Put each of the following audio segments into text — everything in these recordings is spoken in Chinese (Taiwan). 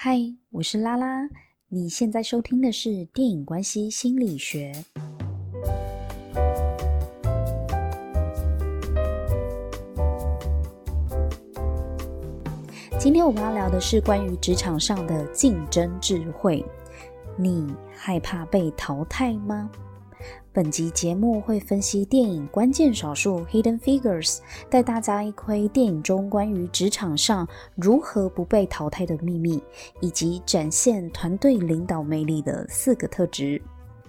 嗨，Hi, 我是拉拉。你現在收聽的是《電影關係星理學》。今天我們要聊的是關於職場上的競爭智慧。你害怕被淘汰嗎？本集節目會分析電影關鍵少數 Hidden Figures，帶大家一窺電影中關於職場上如何不被淘汰的秘密，以及展現團隊領導魅力的四個特質。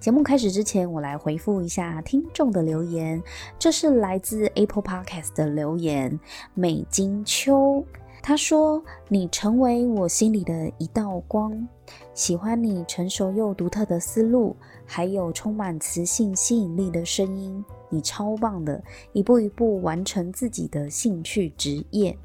節目開始之前，我來回復一下聽眾的留言。這是來自 Apple Podcast 的留言：美金秋，他說：“你成為我心裡的一道光，喜歡你成熟又獨特的思路。”還有充滿磁性吸引力的聲音，你超棒的！一步一步完成自己的興趣職業。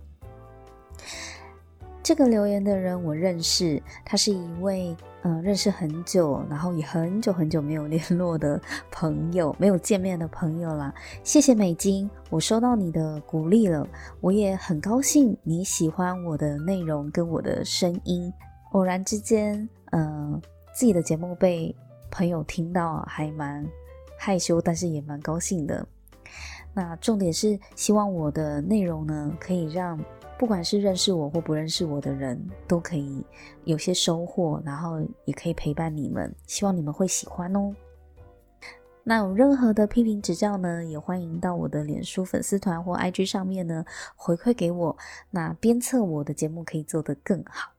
這個留言的人我認識，他是一位嗯、呃、認識很久，然後也很久很久沒有聯絡的朋友，沒有見面的朋友啦。謝謝美金，我收到你的鼓勵了，我也很高興你喜歡我的內容跟我的聲音。偶然之間，嗯、呃，自己的節目被。朋友聽到還蠻害羞，但是也蠻高興的。那重點是，希望我的內容呢，可以讓不管是認識我或不認識我的人都可以有些收穫，然後也可以陪伴你們。希望你們會喜歡哦。那有任何的批評指教呢，也歡迎到我的臉書粉絲團或 IG 上面呢，回饋給我，那鞭策我的節目可以做得更好。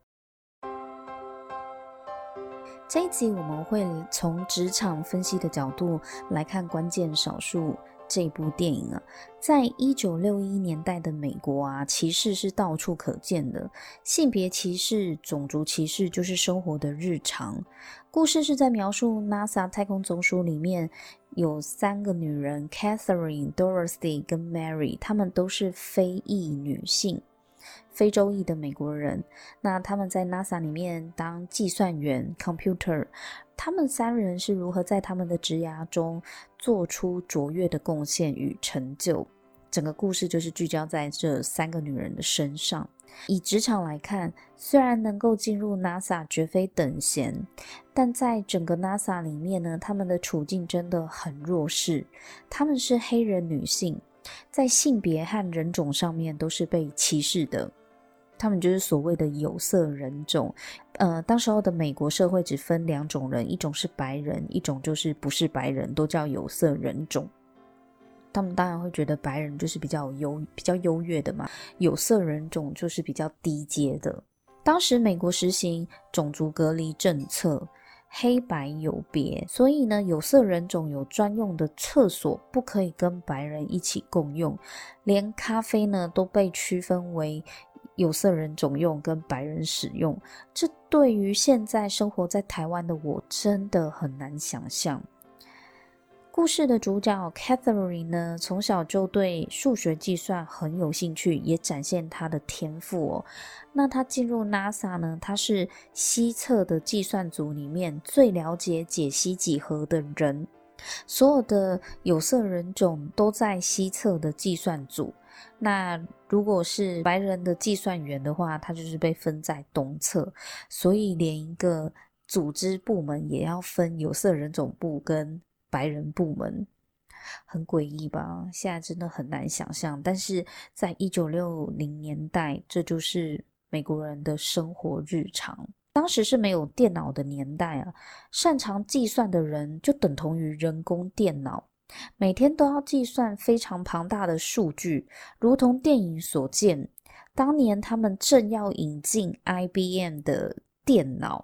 這一集我們會從職場分析的角度來看《關鍵少數》這部電影啊，在一九六一年代的美國啊，歧視是到處可見的，性別歧視、種族歧視就是生活的日常。故事是在描述 NASA 太空總署裡面有三個女人，Catherine、Dorothy 跟 Mary，她們都是非裔女性。非洲裔的美國人，那他們在 NASA 裡面當計算員 （computer），他們三人是如何在他們的職涯中做出卓越的貢獻與成就？整個故事就是聚焦在這三個女人的身上。以職場來看，雖然能夠進入 NASA 絕非等閒，但在整個 NASA 裡面呢，他們的處境真的很弱勢。他們是黑人女性。在性別和人種上面都是被歧視的，他們就是所謂的有色人種。呃，當時候的美國社會只分兩種人，一種是白人，一種就是不是白人都叫有色人種。他們當然會覺得白人就是比較優、比較優越的嘛，有色人種就是比較低階的。當時美國實行種族隔離政策。黑白有別，所以呢，有色人種有專用的廁所，不可以跟白人一起共用，連咖啡呢都被區分為有色人種用跟白人使用。這對於現在生活在台灣的我，真的很難想象。故事的主角 Catherine 呢，從小就對數學計算很有興趣，也展現她的天賦哦。那她進入 NASA 呢，她是西側的計算組裡面最了解解析幾何的人。所有的有色人種都在西側的計算組。那如果是白人的計算員的話，他就是被分在東側。所以，連一個組織部門也要分有色人種部跟。白人部門很詭異吧？現在真的很難想象，但是在一九六零年代，這就是美國人的生活日常。當時是沒有電腦的年代啊，擅長計算的人就等同於人工電腦，每天都要計算非常龐大的數據，如同電影所見。當年他們正要引進 IBM 的電腦。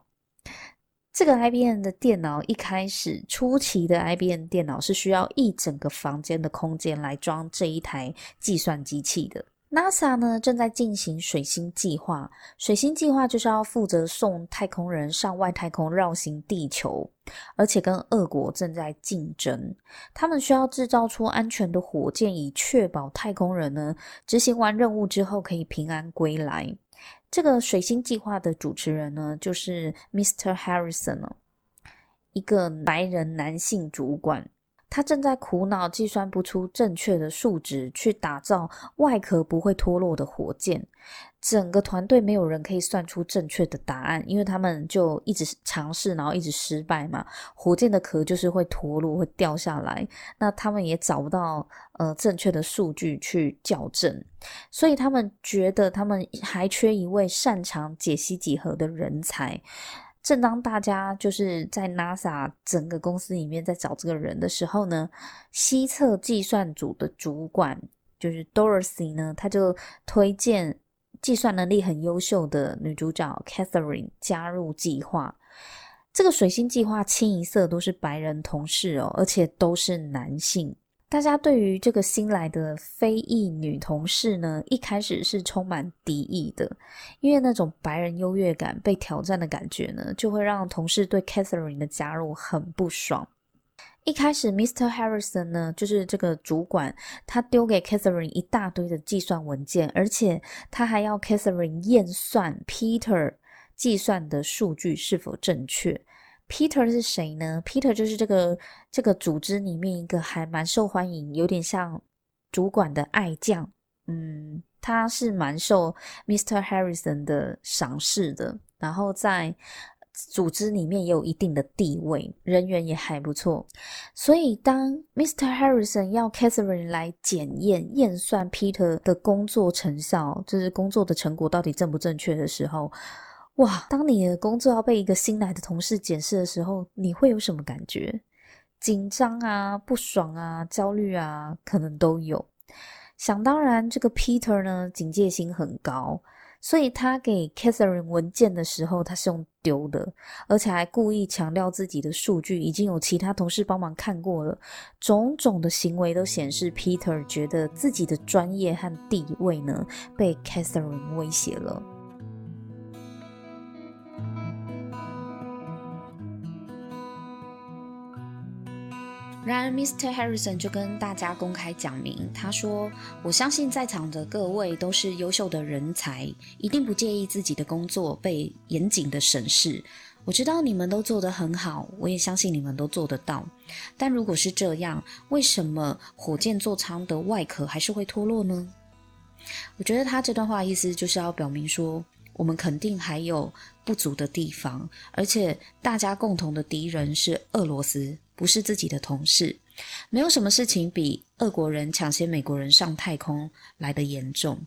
這個 IBM 的電腦一開始，初期的 IBM 電腦是需要一整個房間的空間來裝這一台計算機器的。NASA 呢，正在進行水星計劃，水星計劃就是要負責送太空人上外太空繞行地球，而且跟俄國正在競爭，他們需要製造出安全的火箭，以確保太空人呢，執行完任務之後可以平安歸來。這個水星計劃的主持人呢，就是 Mr. Harrison，一個白人男性主管，他正在苦惱計算不出正確的數值，去打造外殼不會脫落的火箭。整個團隊沒有人可以算出正確的答案，因為他們就一直嘗試，然後一直失敗嘛。火箭的殼就是會脫落，會掉下來，那他們也找不到呃正確的數據去校正，所以他們覺得他們還缺一位擅長解析幾何的人才。正當大家就是在 NASA 整個公司裡面在找這個人的時候呢，西側計算組的主管就是 Dorothy 呢，他就推薦。計算能力很優秀的女主角 Catherine 加入計劃。這個水星計劃清一色都是白人同事哦，而且都是男性。大家對於這個新來的非裔女同事呢，一開始是充滿敵意的，因為那種白人優越感被挑戰的感覺呢，就會讓同事對 Catherine 的加入很不爽。一開始，Mr. Harrison 呢，就是這個主管，他丟給 Catherine 一大堆的計算文件，而且他還要 Catherine 驗算 Peter 計算的數據是否正確。Peter 是誰呢？Peter 就是這個這個組織裡面一個還蠻受歡迎，有點像主管的愛將。嗯，他是蠻受 Mr. Harrison 的賞識的，然後在。組織裡面也有一定的地位，人緣也還不錯。所以，當 Mr. Harrison 要 Catherine 來檢驗、驗算 Peter 的工作成效，就是工作的成果到底正不正確的時候，哇！當你的工作要被一個新來的同事檢視的時候，你會有什麼感覺？緊張啊，不爽啊，焦慮啊，可能都有。想當然，這個 Peter 呢，警戒心很高。所以他給 Catherine 文件的時候，他是用丟的，而且還故意強調自己的數據已經有其他同事幫忙看過了。種種的行為都顯示，Peter 覺得自己的專業和地位呢，被 Catherine 威脅了。然而，Mr. Harrison 就跟大家公開講明，他說：“我相信在場的各位都是優秀的人才，一定不介意自己的工作被嚴謹的審視。我知道你們都做得很好，我也相信你們都做得到。但如果是這樣，為什麼火箭座艙的外殼還是會脫落呢？”我覺得他這段話意思就是要表明說。我們肯定還有不足的地方，而且大家共同的敵人是俄羅斯，不是自己的同事。沒有什麼事情比俄國人搶先美國人上太空來得嚴重。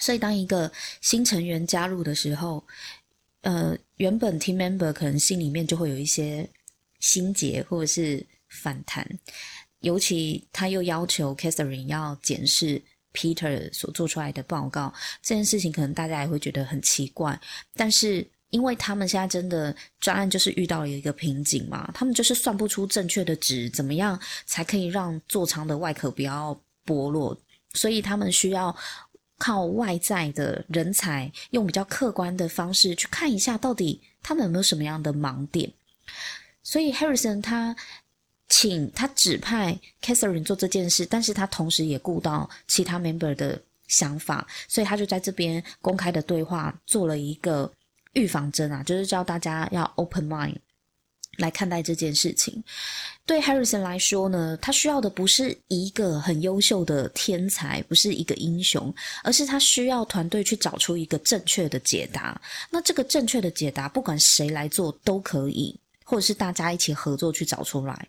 所以，當一個新成員加入的時候，呃，原本 team member 可能心裡面就會有一些心結或者是反彈，尤其他又要求 Katherine 要檢視。Peter 所做出來的報告，這件事情可能大家也會覺得很奇怪，但是因為他們現在真的專案就是遇到了一個瓶頸嘛，他們就是算不出正確的值，怎麼樣才可以讓座艙的外殼不要剝落，所以他們需要靠外在的人才，用比較客觀的方式去看一下，到底他們有沒有什麼樣的盲點，所以 Harrison 他。請他指派 Catherine 做這件事，但是他同時也顧到其他 member 的想法，所以他就在這邊公開的對話做了一個預防針啊，就是叫大家要 open mind 來看待這件事情。對 Harrison 來說呢，他需要的不是一個很優秀的天才，不是一個英雄，而是他需要團隊去找出一個正確的解答。那這個正確的解答，不管誰來做都可以。或者是大家一起合作去找出來。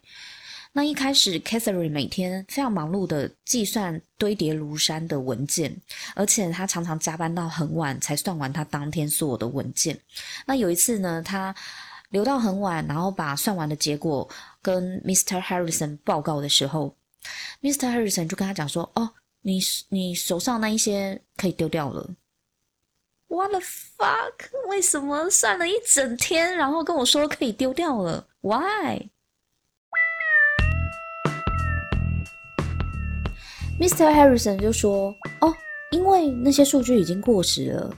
那一開始，Catherine 每天非常忙碌的計算堆疊如山的文件，而且她常常加班到很晚才算完她當天所有的文件。那有一次呢，她留到很晚，然後把算完的結果跟 Mr. Harrison 報告的時候，Mr. Harrison 就跟他講說：“哦，你你手上那一些可以丟掉了。” What the fuck？為什麼算了一整天，然後跟我說可以丟掉了？Why？Mr. Harrison 就說：“哦，因為那些數據已經過時了，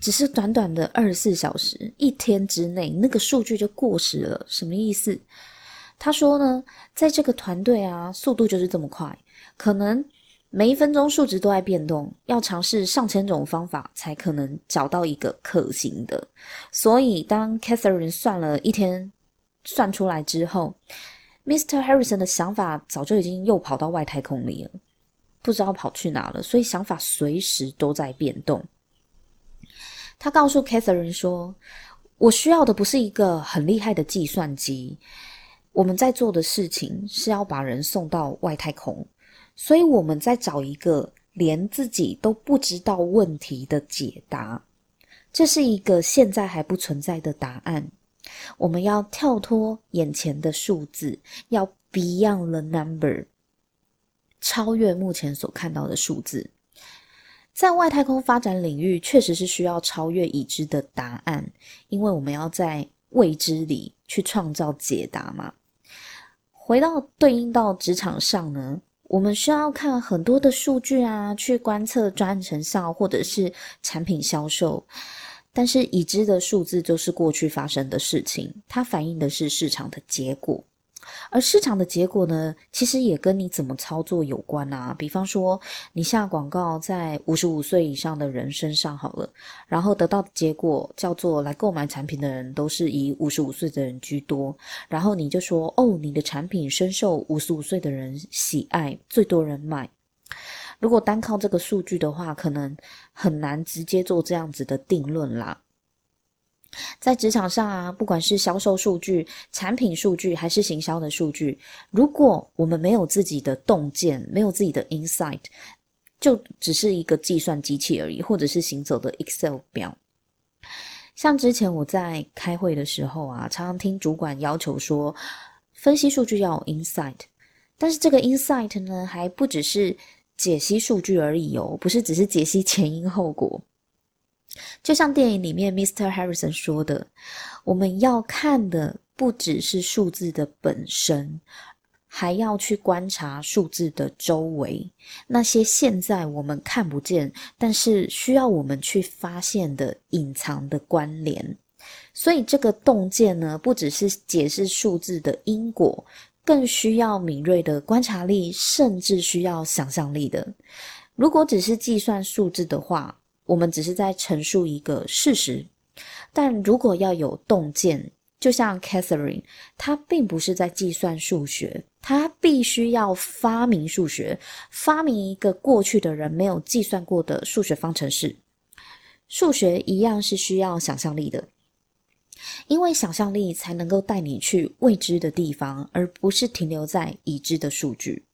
只是短短的二十四小時，一天之內那個數據就過時了，什麼意思？”他說呢：“在這個團隊啊，速度就是這麼快，可能。”每一分鐘數值都在變動，要嘗試上千種方法才可能找到一個可行的。所以，當 Catherine 算了一天，算出來之後，Mr. Harrison 的想法早就已經又跑到外太空裡了，不知道跑去哪了。所以，想法隨時都在變動。他告訴 Catherine 說：“我需要的不是一個很厲害的計算機，我們在做的事情是要把人送到外太空。”所以我們在找一個連自己都不知道問題的解答，這是一個現在還不存在的答案。我們要跳脫眼前的數字，要 beyond the number，超越目前所看到的數字。在外太空發展領域，確實是需要超越已知的答案，因為我們要在未知裡去創造解答嘛。回到對應到職場上呢？我們需要看很多的數據啊，去觀測專案成效或者是產品銷售，但是已知的數字就是過去發生的事情，它反映的是市場的結果。而市場的結果呢，其實也跟你怎麼操作有關啊。比方說，你下廣告在五十五歲以上的人身上好了，然後得到的結果叫做來購買產品的人都是以五十五歲的人居多，然後你就說哦，你的產品深受五十五歲的人喜愛，最多人買。如果單靠這個數據的話，可能很難直接做這樣子的定論啦。在職場上啊，不管是銷售數據、產品數據，還是行銷的數據，如果我們沒有自己的洞見，沒有自己的 insight，就只是一個計算機器而已，或者是行走的 Excel 表。像之前我在開會的時候啊，常常聽主管要求說，分析數據要有 insight，但是這個 insight 呢，還不只是解析數據而已哦，不是只是解析前因後果。就像電影裡面 Mr. Harrison 說的，我們要看的不只是數字的本身，還要去觀察數字的周圍，那些現在我們看不見，但是需要我們去發現的隱藏的關聯。所以這個洞見呢，不只是解釋數字的因果，更需要敏銳的觀察力，甚至需要想象力的。如果只是計算數字的話，我們只是在陳述一個事實，但如果要有洞見，就像 Catherine，她並不是在計算數學，她必須要發明數學，發明一個過去的人沒有計算過的數學方程式。數學一樣是需要想象力的，因為想象力才能夠帶你去未知的地方，而不是停留在已知的數據。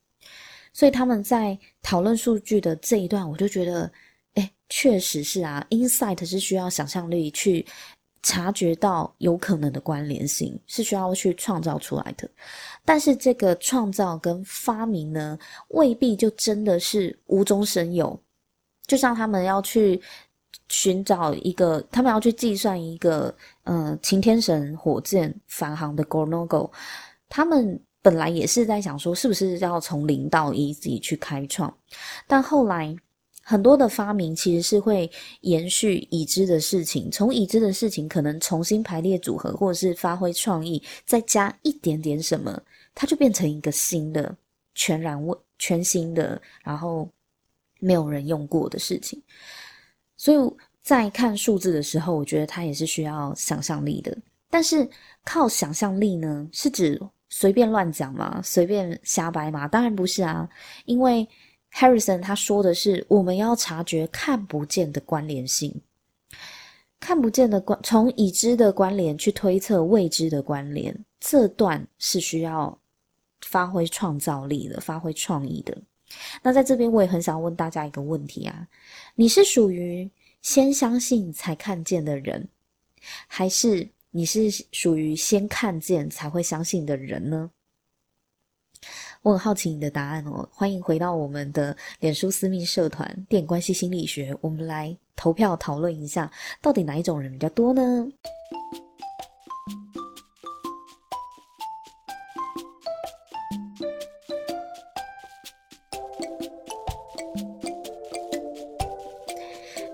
所以他們在討論數據的這一段，我就覺得。確實是啊，insight 是需要想象力去察覺到有可能的關聯性，是需要去創造出來的。但是這個創造跟發明呢，未必就真的是無中生有。就像他們要去尋找一個，他們要去計算一個，嗯、呃，擎天神火箭返航的 Go No Go，他們本來也是在想說，是不是要從零到一自己去開創，但後來。很多的發明其實是會延續已知的事情，從已知的事情可能重新排列組合，或者是發揮創意，再加一點點什麼，它就變成一個新的、全然全新的，然後沒有人用過的事情。所以在看數字的時候，我覺得它也是需要想象力的。但是靠想象力呢，是指隨便亂講嗎？隨便瞎掰嗎？當然不是啊，因為 Harrison 他說的是：我們要察覺看不見的關聯性，看不見的關，從已知的關聯去推測未知的關聯。這段是需要發揮創造力的，發揮創意的。那在這邊，我也很想問大家一個問題啊：你是屬於先相信才看見的人，還是你是屬於先看見才會相信的人呢？我很好奇你的答案哦，歡迎回到我們的臉書私密社團《電影關係星理學》，我們來投票討論一下，到底哪一種人比較多呢？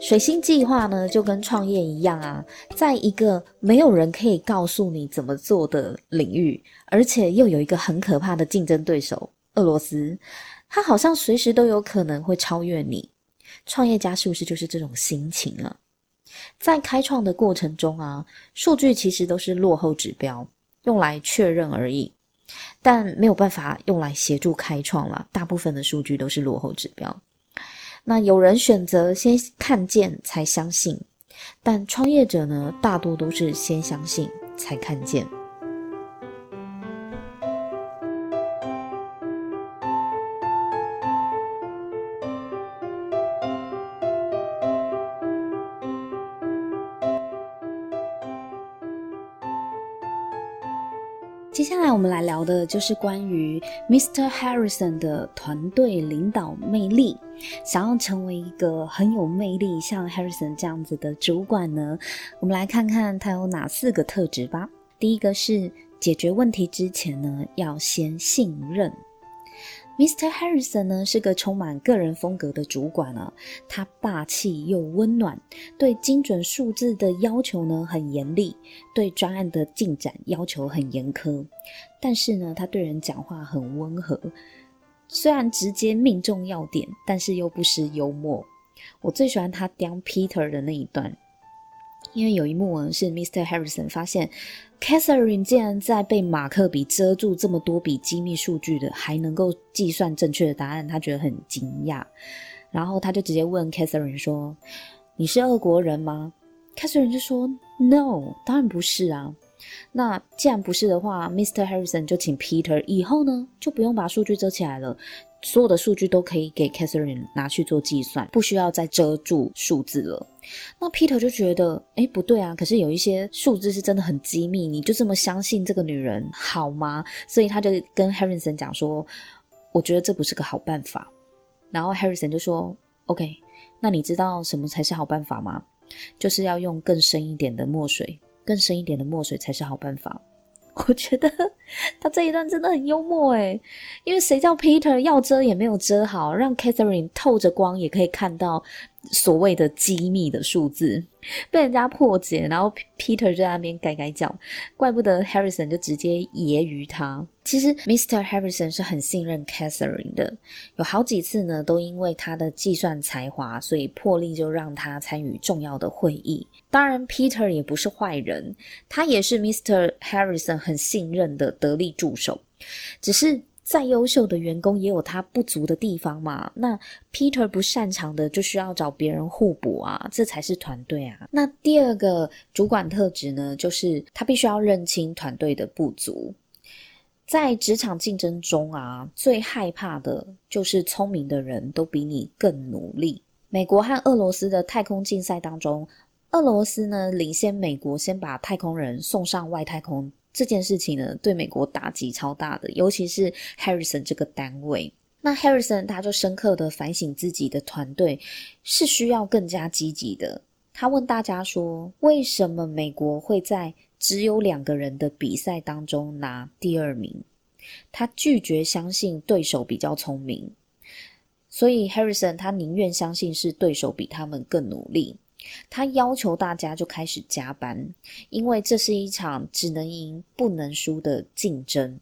水星計劃呢，就跟創業一樣啊，在一個沒有人可以告訴你怎麼做的領域，而且又有一個很可怕的競爭對手——俄羅斯，他好像隨時都有可能會超越你。創業家是不是就是這種心情啊？在開創的過程中啊，數據其實都是落後指標，用來確認而已，但沒有辦法用來協助開創啦，大部分的數據都是落後指標。那有人選擇先看見才相信，但創業者呢，大多都是先相信才看見。我們來聊的就是關於 Mr. Harrison 的團隊領導魅力。想要成為一個很有魅力像 Harrison 這樣子的主管呢，我們來看看他有哪四個特質吧。第一個是解決問題之前呢，要先信任。Mr. Harrison 呢，是個充滿個人風格的主管啊，他霸氣又溫暖，對精準數字的要求呢很嚴厲，對專案的進展要求很嚴苛，但是呢他對人講話很溫和，雖然直接命中要點，但是又不失幽默。我最喜歡他當 Peter 的那一段。因為有一幕呢是 Mr. Harrison 發現 Catherine 竟然在被馬克筆遮住這麼多筆機密數據的，還能夠計算正確的答案，他覺得很驚訝。然後他就直接問 Catherine 說：“你是俄國人嗎？”Catherine 就說：“No，當然不是啊。”那既然不是的話，Mr. Harrison 就請 Peter 以後呢，就不用把數據遮起來了，所有的數據都可以給 Catherine 拿去做計算，不需要再遮住數字了。那 Peter 就覺得，哎，不對啊，可是有一些數字是真的很機密，你就這麼相信這個女人好嗎？所以他就跟 Harrison 講說，我覺得這不是個好辦法。然後 Harrison 就說，OK，那你知道什麼才是好辦法嗎？就是要用更深一點的墨水。更深一點的墨水才是好辦法，我覺得他這一段真的很幽默哎，因為誰叫 Peter 要遮也沒有遮好，讓 Catherine 透着光也可以看到所謂的機密的數字，被人家破解，然後 Peter 就在那邊改改腳，怪不得 Harrison 就直接揶揄他。其實 Mr. Harrison 是很信任 Catherine 的，有好幾次呢都因為他的計算才華，所以破例就讓他參與重要的會議。當然，Peter 也不是壞人，他也是 Mr. Harrison 很信任的得力助手。只是再優秀的員工也有他不足的地方嘛。那 Peter 不擅長的，就需要找別人互補啊，這才是團隊啊。那第二個主管特質呢，就是他必須要認清團隊的不足。在職場競爭中啊，最害怕的就是聰明的人都比你更努力。美國和俄羅斯的太空競賽當中，俄羅斯呢，領先美國，先把太空人送上外太空這件事情呢，對美國打擊超大的。尤其是 Harrison 這個單位，那 Harrison 他就深刻的反省自己的團隊是需要更加積極的。他問大家說，為什麼美國會在只有兩個人的比賽當中拿第二名？他拒絕相信對手比較聰明，所以 Harrison 他寧願相信是對手比他們更努力。他要求大家就開始加班，因為這是一場只能贏不能輸的競爭。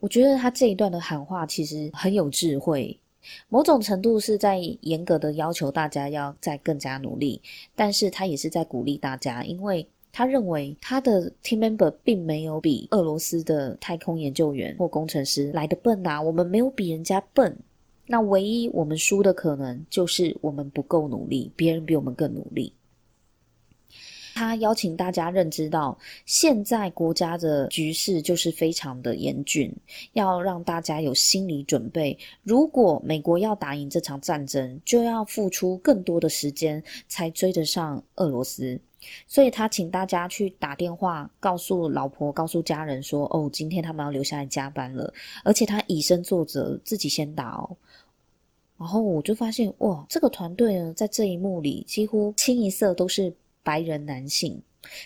我覺得他這一段的喊話其實很有智慧，某種程度是在嚴格的要求大家要再更加努力，但是他也是在鼓勵大家，因為他認為他的 team member 並沒有比俄羅斯的太空研究員或工程師來得笨啊，我們沒有比人家笨。那唯一我們輸的可能就是我們不夠努力，別人比我們更努力。他邀請大家認知到，現在國家的局勢就是非常的嚴峻，要讓大家有心理準備。如果美國要打贏這場戰爭，就要付出更多的時間才追得上俄羅斯。所以，他請大家去打電話告訴老婆、告訴家人說：“哦，今天他們要留下來加班了。”而且，他以身作則，自己先打哦。然後我就發現，哇，這個團隊呢，在這一幕裡幾乎清一色都是白人男性，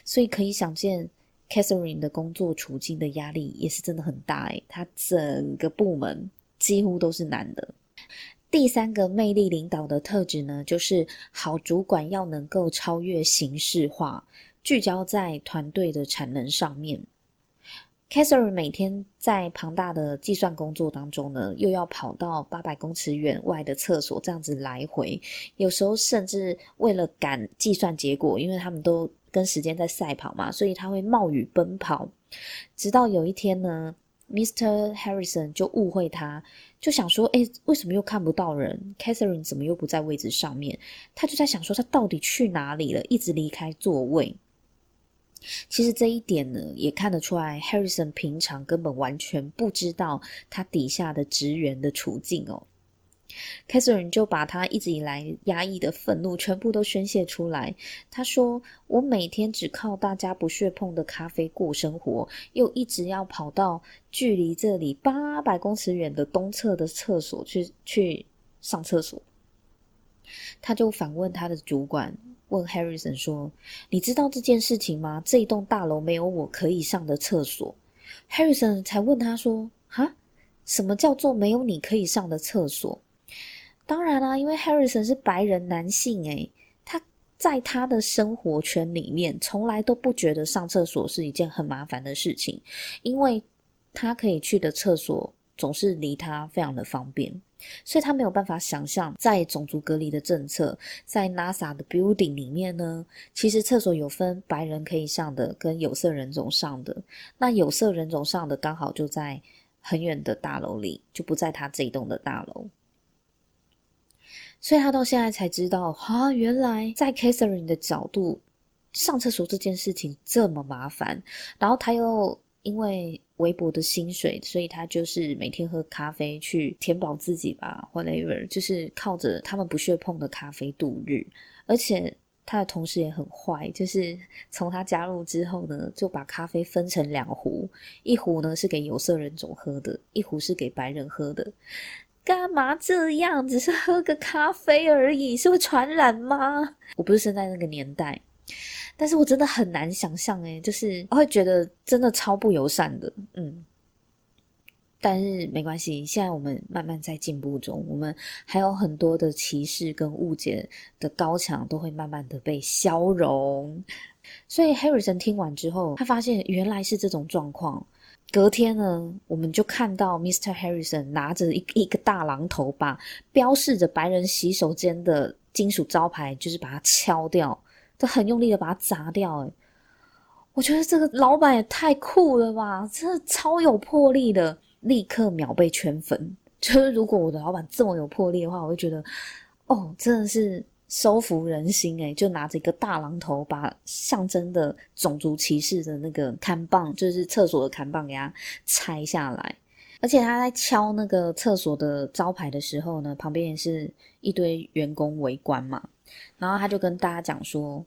所以可以想見，Catherine 的工作處境的壓力也是真的很大誒，他整個部門幾乎都是男的。第三個魅力領導的特質呢，就是好主管要能夠超越形式化，聚焦在團隊的產能上面。Catherine 每天在龐大的計算工作當中呢，又要跑到八百公尺遠外的廁所這樣子來回，有時候甚至為了趕計算結果，因為他們都跟時間在賽跑嘛，所以他會冒雨奔跑。直到有一天呢，Mr. Harrison 就誤會他，就想說，哎，為什麼又看不到人？Catherine 怎麼又不在位置上面？他就在想說，他到底去哪裡了，一直離開座位。其實這一點呢，也看得出來，Harrison 平常根本完全不知道他底下的職員的處境哦。Catherine 就把他一直以來壓抑的憤怒全部都宣洩出來。他說：“我每天只靠大家不屑碰的咖啡過生活，又一直要跑到距離這裡八百公尺遠的東側的廁所去去上廁所。”他就反問他的主管。問 Harrison 說：“你知道這件事情嗎？這一棟大樓沒有我可以上的廁所。” Harrison 才問他說：“哈，什麼叫做沒有你可以上的廁所？”當然啦、啊，因為 Harrison 是白人男性、欸，誒，他在他的生活圈裡面，從來都不覺得上廁所是一件很麻煩的事情，因為他可以去的廁所。總是離他非常的方便，所以他沒有辦法想象，在種族隔離的政策，在 NASA 的 building 裡面呢，其實廁所有分白人可以上的，跟有色人種上的。那有色人種上的剛好就在很遠的大樓裡，就不在他這一棟的大樓。所以他到現在才知道，哈、啊，原來在 Katherine 的角度，上廁所這件事情這麼麻煩。然後他又因為微薄的薪水，所以他就是每天喝咖啡去填飽自己吧，whatever，就是靠着他們不屑碰的咖啡度日。而且他的同事也很壞，就是從他加入之後呢，就把咖啡分成兩壺，一壺呢是給有色人種喝的，一壺是給白人喝的。幹嘛這樣？只是喝個咖啡而已，是會傳染嗎？我不是生在那個年代。但是我真的很難想象，欸，就是我會覺得真的超不友善的，嗯。但是沒關係，現在我們慢慢在進步中，我們還有很多的歧視跟誤解的高牆都會慢慢的被消融。所以 Harrison 聽完之後，他發現原來是這種狀況。隔天呢，我們就看到 Mr. Harrison 拿着一一個大榔頭，把標示着白人洗手間的金屬招牌，就是把它敲掉。就很用力的把它砸掉、欸，哎，我覺得這個老板也太酷了吧！真的超有魄力的，立刻秒被圈粉。就是如果我的老板這麼有魄力的話，我會覺得，哦，真的是收服人心、欸，哎，就拿着一個大榔頭，把象徵的種族歧視的那個看板，就是廁所的看板，給他拆下來。而且他在敲那個廁所的招牌的時候呢，旁邊也是一堆員工圍觀嘛，然後他就跟大家講說。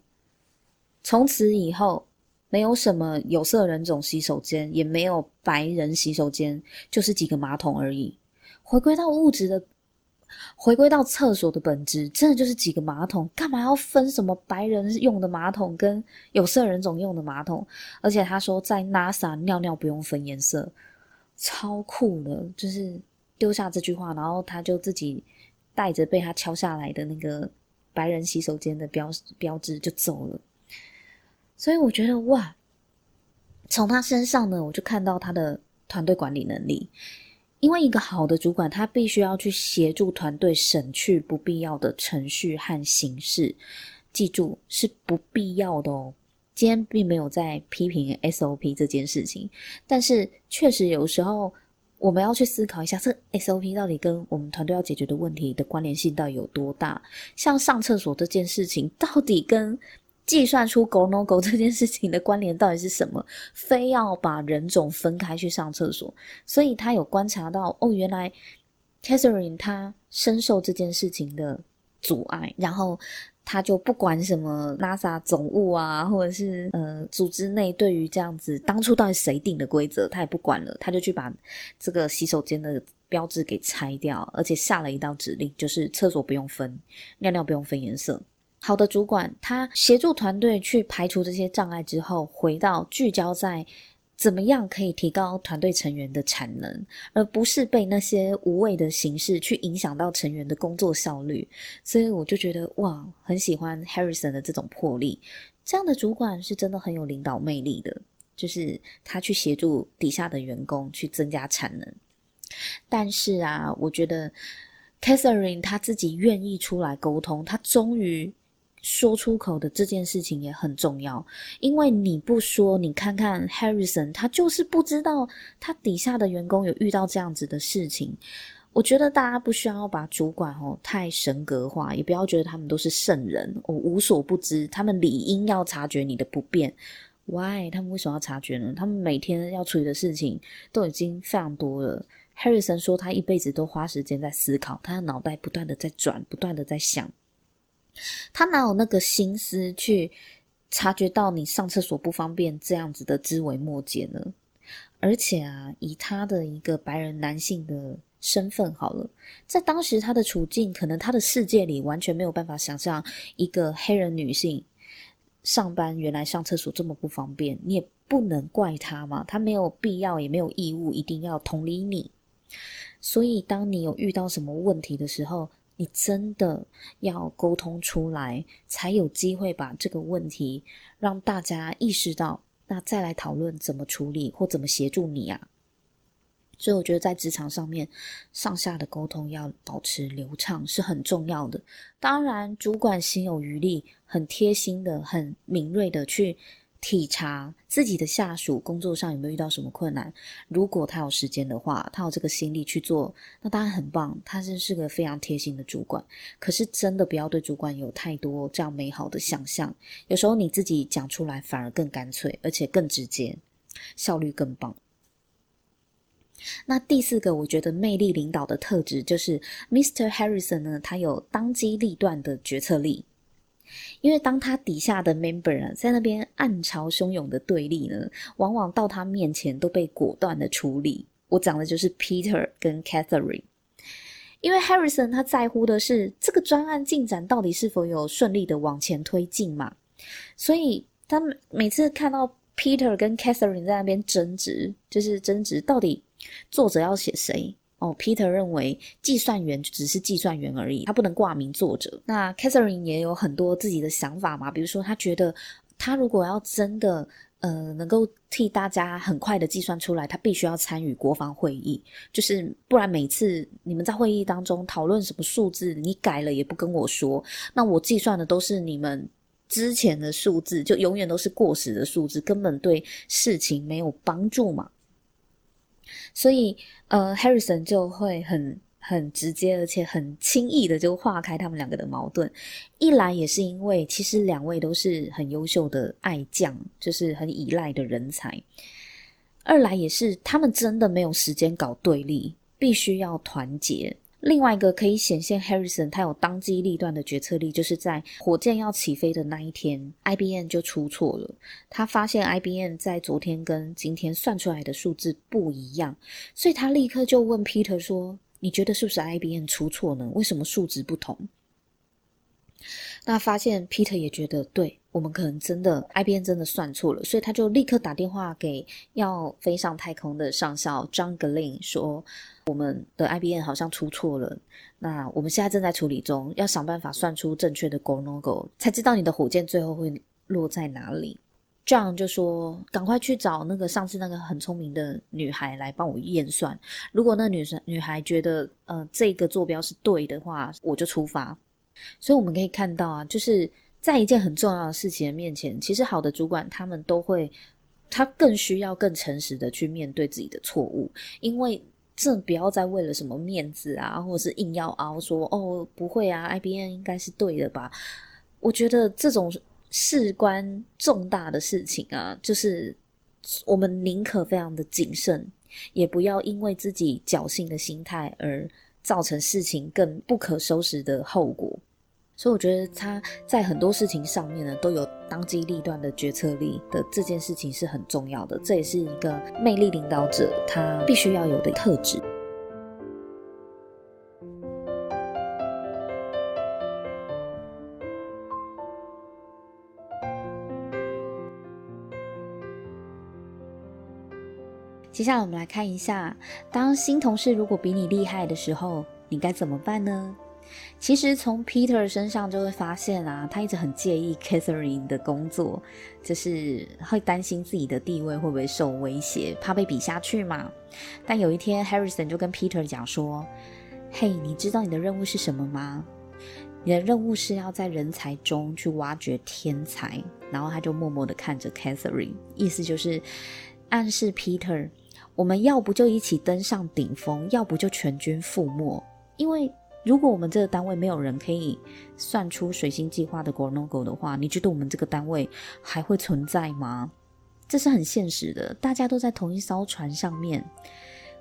從此以後，沒有什麼有色人種洗手間，也沒有白人洗手間，就是幾個馬桶而已。回歸到物質的，回歸到廁所的本質，真的就是幾個馬桶，幹嘛要分什麼白人用的馬桶跟有色人種用的馬桶？而且他說在 NASA 尿尿不用分顏色，超酷的。就是丟下這句話，然後他就自己帶着被他敲下來的那個白人洗手間的標標誌就走了。所以我覺得哇，從他身上呢，我就看到他的團隊管理能力。因為一個好的主管，他必須要去協助團隊省去不必要的程序和形式。記住，是不必要的哦。今天並沒有在批評 SOP 這件事情，但是確實有時候我們要去思考一下，這 SOP 到底跟我們團隊要解決的問題的關聯性到底有多大？像上廁所這件事情，到底跟……計算出 go no go 這件事情的關聯到底是什麼？非要把人種分開去上廁所，所以他有觀察到，哦，原來 Catherine 他深受這件事情的阻礙，然後他就不管什麼 NASA 總務啊，或者是呃組織內對於這樣子當初到底誰定的規則，他也不管了，他就去把這個洗手間的標志給拆掉，而且下了一道指令，就是廁所不用分，尿尿不用分顏色。好的主管，他協助團隊去排除這些障礙之後，回到聚焦在怎麼樣可以提高團隊成員的產能，而不是被那些無謂的形式去影響到成員的工作效率。所以我就覺得哇，很喜歡 Harrison 的這種魄力。這樣的主管是真的很有領導魅力的，就是他去協助底下的員工去增加產能。但是啊，我覺得 Catherine 她自己願意出來溝通，她終於。說出口的這件事情也很重要，因為你不說，你看看 Harrison，他就是不知道他底下的員工有遇到這樣子的事情。我覺得大家不需要把主管、哦、太神格化，也不要覺得他們都是聖人，我、哦、無所不知，他們理應要察覺你的不便。Why？他們為什麼要察覺呢？他們每天要處理的事情都已經非常多了。Harrison 說，他一輩子都花時間在思考，他的腦袋不斷的在轉，不斷的在想。他哪有那個心思去察覺到你上廁所不方便這樣子的枝微末節呢？而且啊，以他的一個白人男性的身份，好了，在當時他的處境，可能他的世界裡完全沒有辦法想象一個黑人女性上班原來上廁所這麼不方便。你也不能怪他嘛，他沒有必要，也沒有義務一定要同理你。所以，當你有遇到什麼問題的時候，你真的要溝通出來，才有機會把這個問題讓大家意識到，那再來討論怎麼處理或怎麼協助你啊。所以我覺得在職場上面上下的溝通要保持流暢是很重要的。當然，主管行有餘力，很貼心的，很敏銳的去。體察自己的下屬工作上有沒有遇到什麼困難，如果他有時間的話，他有這個心力去做，那當然很棒，他真是個非常貼心的主管。可是真的不要對主管有太多這樣美好的想象，有時候你自己講出來反而更乾脆，而且更直接，效率更棒。那第四個，我覺得魅力領導的特質就是，Mr. Harrison 呢，他有當機立斷的決策力。因為當他底下的 member 啊，在那邊暗潮洶湧的對立呢，往往到他面前都被果斷的處理。我講的就是 Peter 跟 Catherine，因為 Harrison 他在乎的是這個專案進展到底是否有順利的往前推進嘛，所以他每次看到 Peter 跟 Catherine 在那邊爭執，就是爭執到底作者要寫誰。哦，Peter 認為計算員只是計算員而已，他不能掛名作者。那 Catherine 也有很多自己的想法嘛，比如說他覺得他如果要真的呃能夠替大家很快的計算出來，他必須要參與國防會議，就是不然每次你們在會議當中討論什麼數字，你改了也不跟我說，那我計算的都是你們之前的數字，就永遠都是過時的數字，根本對事情沒有幫助嘛。所以，呃，Harrison 就會很很直接，而且很輕易的就化開他們兩個的矛盾。一來也是因為，其實兩位都是很優秀的愛將，就是很依賴的人才；二來也是他們真的沒有時間搞對立，必須要團結。另外一個可以顯現 Harrison 他有當機立斷的決策力，就是在火箭要起飛的那一天，IBM 就出錯了。他發現 IBM 在昨天跟今天算出來的數字不一樣，所以他立刻就問 Peter 說：“你覺得是不是 IBM 出錯呢？為什麼數值不同？”那發現 Peter 也覺得對。我們可能真的 IBM 真的算錯了，所以他就立刻打電話給要飛上太空的上校 John Glenn 說：“我們的 IBM 好像出錯了，那我們現在正在處理中，要想辦法算出正確的 go no go，才知道你的火箭最後會落在哪裡。” John 就說：“趕快去找那個上次那個很聰明的女孩來幫我驗算，如果那女生女孩覺得呃這個坐標是對的話，我就出發。”所以我們可以看到啊，就是。在一件很重要的事情的面前，其實好的主管他們都會，他更需要更誠實的去面對自己的錯誤，因為這不要再為了什麼面子啊，或者是硬要凹說，哦，不會啊，IBM 應該是對的吧？我覺得這種事關重大的事情啊，就是我們寧可非常的謹慎，也不要因為自己僥倖的心態而造成事情更不可收拾的後果。所以我覺得他在很多事情上面呢，都有當機立斷的決策力的這件事情是很重要的，這也是一個魅力領導者他必須要有的特質。接下來我們來看一下，當新同事如果比你厲害的時候，你該怎麼辦呢？其實從 Peter 身上就會發現啊，他一直很介意 Catherine 的工作，就是會擔心自己的地位會不會受威脅，怕被比下去嘛。但有一天，Harrison 就跟 Peter 講說：“嘿，你知道你的任務是什麼嗎？你的任務是要在人才中去挖掘天才。”然後他就默默的看着 Catherine，意思就是暗示 Peter，我們要不就一起登上頂峰，要不就全軍覆沒，因為。如果我們這個單位沒有人可以算出水星計劃的 Go/No Go 的話，你覺得我們這個單位還會存在嗎？這是很現實的，大家都在同一艘船上面。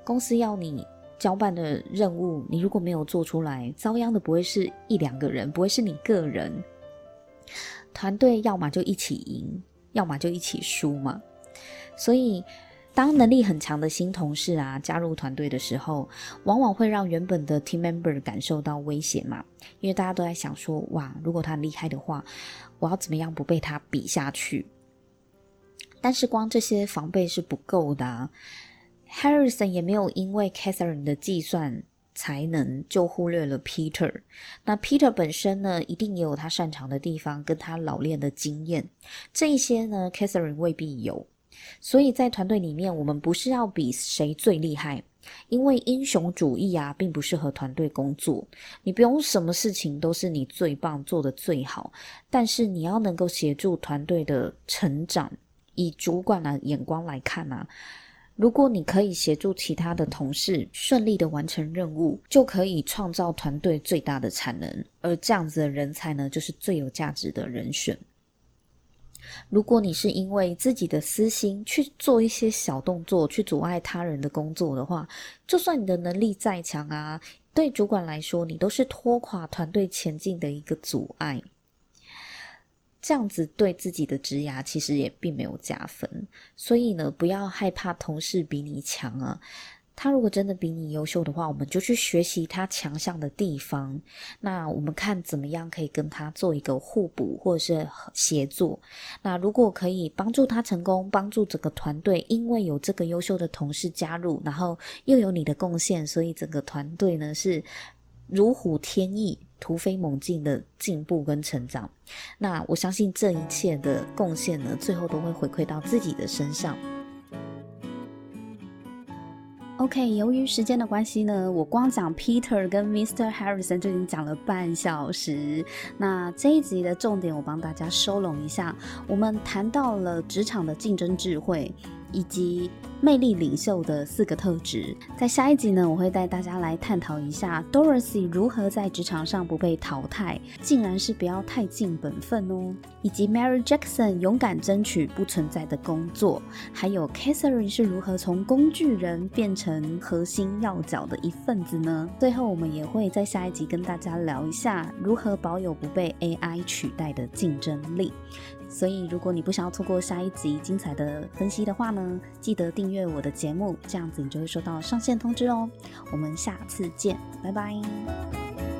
公司要你交辦的任務，你如果沒有做出來，遭殃的不會是一兩個人，不會是你個人。團隊要麼就一起贏，要麼就一起輸嘛。所以。當能力很強的新同事啊加入團隊的時候，往往會讓原本的 team member 感受到威脅嘛，因為大家都在想說，哇，如果他厲害的話，我要怎麼樣不被他比下去？但是光這些防備是不夠的啊，啊 Harrison 也沒有因為 Catherine 的計算才能就忽略了 Peter。那 Peter 本身呢，一定也有他擅長的地方，跟他老練的經驗，這一些呢，Catherine 未必有。所以在團隊裡面，我們不是要比誰最厲害，因為英雄主義啊並不適合團隊工作。你不用什麼事情都是你最棒，做得最好，但是你要能夠協助團隊的成長。以主管的啊眼光來看吶啊，如果你可以協助其他的同事順利的完成任務，就可以創造團隊最大的產能。而這樣子的人才呢，就是最有價值的人選。如果你是因為自己的私心去做一些小動作，去阻礙他人的工作的話，就算你的能力再強啊，對主管來說，你都是拖垮團隊前進的一個阻礙。這樣子對自己的職涯其實也並沒有加分，所以呢，不要害怕同事比你強啊。他如果真的比你優秀的話，我們就去學習他強項的地方。那我們看怎麼樣可以跟他做一個互補或者是協作。那如果可以幫助他成功，幫助整個團隊，因為有這個優秀的同事加入，然後又有你的貢獻，所以整個團隊呢是如虎添翼、突飛猛進的進步跟成長。那我相信這一切的貢獻呢，最後都會回饋到自己的身上。OK，由於時間的關係呢，我光講 Peter 跟 Mr. Harrison 就已經講了半小時。那這一集的重點，我幫大家收攏一下，我們談到了職場的競爭智慧。以及魅力領袖的四個特質，在下一集呢，我會帶大家來探討一下 Dorothy 如何在職場上不被淘汰，竟然是不要太盡本分哦。以及 Mary Jackson 勇敢爭取不存在的工作，還有 Katherine 是如何從工具人變成核心要角的一份子呢？最後，我們也會在下一集跟大家聊一下如何保有不被 AI 取代的競爭力。所以，如果你不想要錯過下一集精彩的分析的話呢，記得訂閱我的節目，這樣子你就會收到上線通知哦。我們下次見，拜拜。